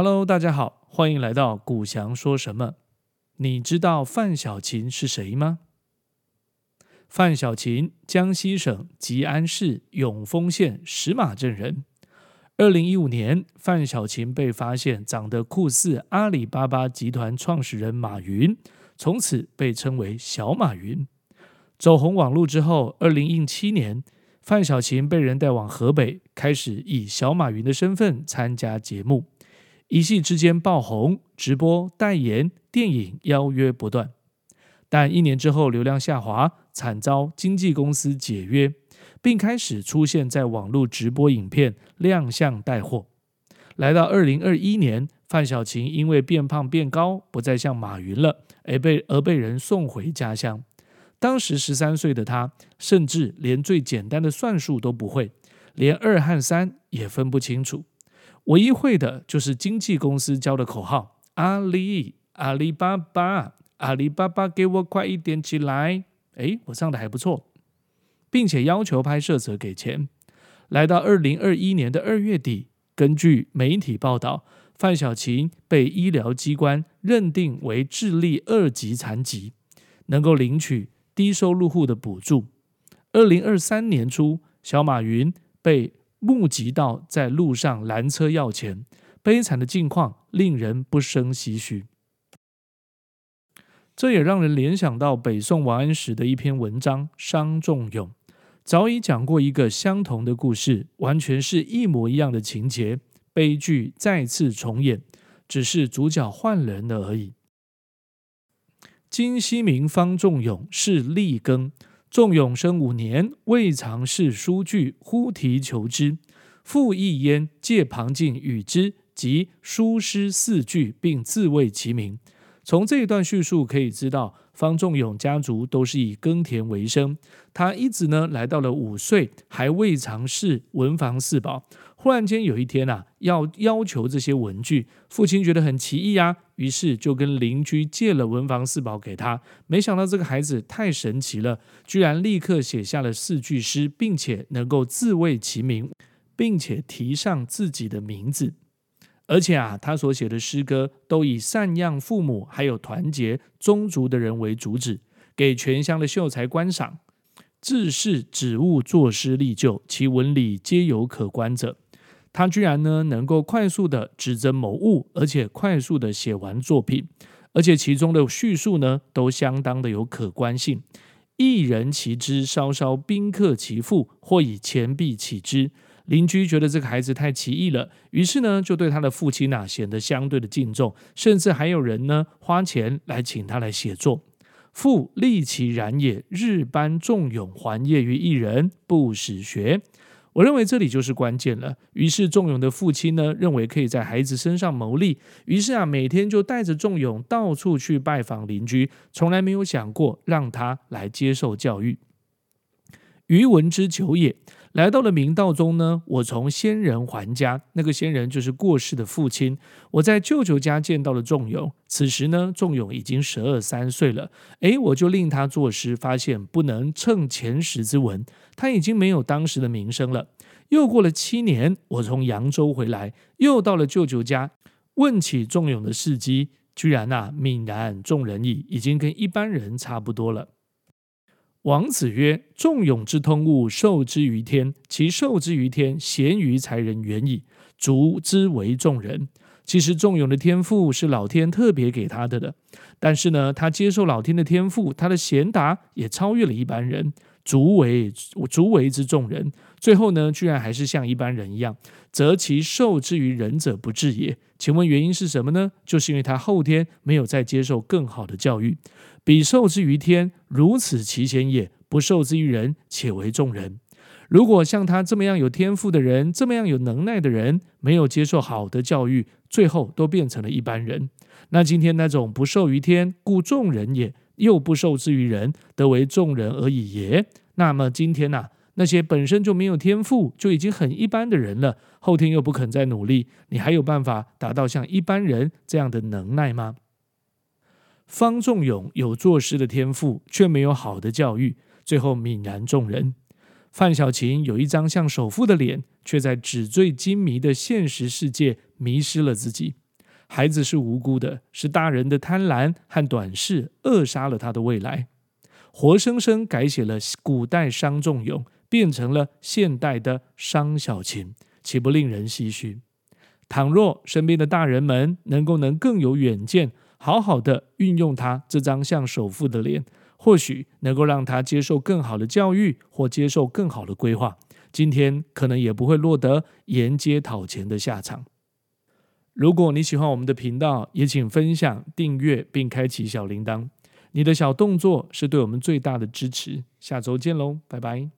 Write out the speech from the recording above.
Hello，大家好，歡迎來到古翔說什麼？你知道范小勤是誰嗎？范小勤，江西省吉安市永豐縣石馬鎮人。二零一五年，范小勤被發現長得酷似阿里巴巴集團創始人馬雲，從此被稱為“小馬雲”。走紅網絡之後，二零一七年，范小勤被人帶往河北，開始以“小馬雲”的身份參加節目。一夕之間爆紅，直播代言、電影邀約不斷，但一年之後流量下滑，慘遭經紀公司解約，並開始出現在網絡直播影片亮相帶貨。來到二零二一年，范小勤因為變胖變高，不再像馬雲了，而被而被人送回家鄉。當時十三歲的他，甚至連最簡單的算術都不會，連二和三也分不清楚。唯一會的就是經紀公司教的口號：“阿里，阿里巴巴，阿里巴巴，給我快一點起來！”哎，我唱的還不錯，並且要求拍攝者給錢。來到二零二一年的二月底，根據媒體報道，范小勤被醫療機關認定為智力二級殘疾，能夠領取低收入戶的補助。二零二三年初，小馬雲被。目擊到在路上攔車要錢，悲慘的境況令人不勝唏噓。這也讓人聯想到北宋王安石的一篇文章《傷仲永》，早已講過一個相同的故事，完全是一模一樣的情節，悲劇再次重演，只是主角換人了而已。金溪民，方仲永，世隸耕。仲永生五年，未嘗識書具，忽啼求之，父異焉，借旁近與之，即書詩四句，並自謂其名。從這一段敘述可以知道，方仲永家族都是以耕田為生，他一直呢來到了五歲，還未嘗試文房四寶。忽然間有一天吶、啊，要要求這些文具，父親覺得很奇異啊，於是就跟鄰居借了文房四寶給他。沒想到這個孩子太神奇了，居然立刻寫下了四句詩，並且能夠自謂其名，並且題上自己的名字。而且啊，他所寫的詩歌都以贍養父母還有團結宗族的人為主旨，給全鄉的秀才觀賞。自是指物作詩立就，其文理皆有可觀者。他居然呢，能夠快速的指著某物，而且快速的寫完作品，而且其中的敘述呢，都相當的有可觀性。邑人奇之，稍稍賓客其父，或以錢幣乞之。鄰居覺得這個孩子太奇異了，於是呢，就對他的父親呢、啊，顯得相對的敬重，甚至還有人呢，花錢來請他來寫作。父利其然也，日扳仲永環謁於邑人，不使學。我認為這裡就是關鍵了。於是仲永的父親呢，認為可以在孩子身上牟利，於是啊，每天就帶着仲永到處去拜訪鄰居，從來沒有想過讓他來接受教育。余聞之久也。來到了明道中呢，我從先人還家，那個先人就是過世的父親。我在舅舅家見到了仲永，此時呢，仲永已經十二三歲了。哎，我就令他作詩，發現不能稱前時之聞，他已經沒有當時的名聲了。又過了七年，我從揚州回來，又到了舅舅家，問起仲永的事跡，居然吶、啊，泯然眾人矣，已經跟一般人差不多了。王子曰：“仲永之通悟，受之於天；其受之於天，賢於才人遠矣。卒之為眾人。其實仲永的天賦是老天特別給他的的，但是呢，他接受老天的天賦，他的賢達也超越了一般人。”足為足為之眾人，最後呢，居然還是像一般人一樣，則其受之於人者不至也。請問原因是什麼呢？就是因為他後天沒有再接受更好的教育，彼受之於天，如此其賢也；不受之於人，且為眾人。如果像他這麼樣有天賦的人，這麼樣有能耐的人，沒有接受好的教育，最後都變成了一般人。那今天那種不受於天，故眾人也。又不受制於人，得為眾人而已也。那麼今天呢、啊？那些本身就沒有天賦，就已經很一般的人了，後天又不肯再努力，你還有辦法達到像一般人這樣的能耐嗎？方仲永有作詩的天賦，卻沒有好的教育，最後泯然眾人。范小勤有一張像首富的臉，卻在紙醉金迷的現實世界迷失了自己。孩子是無辜的，是大人的貪婪和短視扼殺了他的未來，活生生改寫了古代傷仲永，變成了現代的傷小勤，豈不令人唏噓？倘若身邊的大人們能夠能更有遠見，好好的運用他這張像首富的臉，或許能夠讓他接受更好的教育，或接受更好的規劃，今天可能也不會落得沿街討錢的下場。如果你喜歡我們的頻道，也請分享、訂閱並開啟小鈴鐺。你的小動作是對我們最大的支持。下周見嘍，拜拜。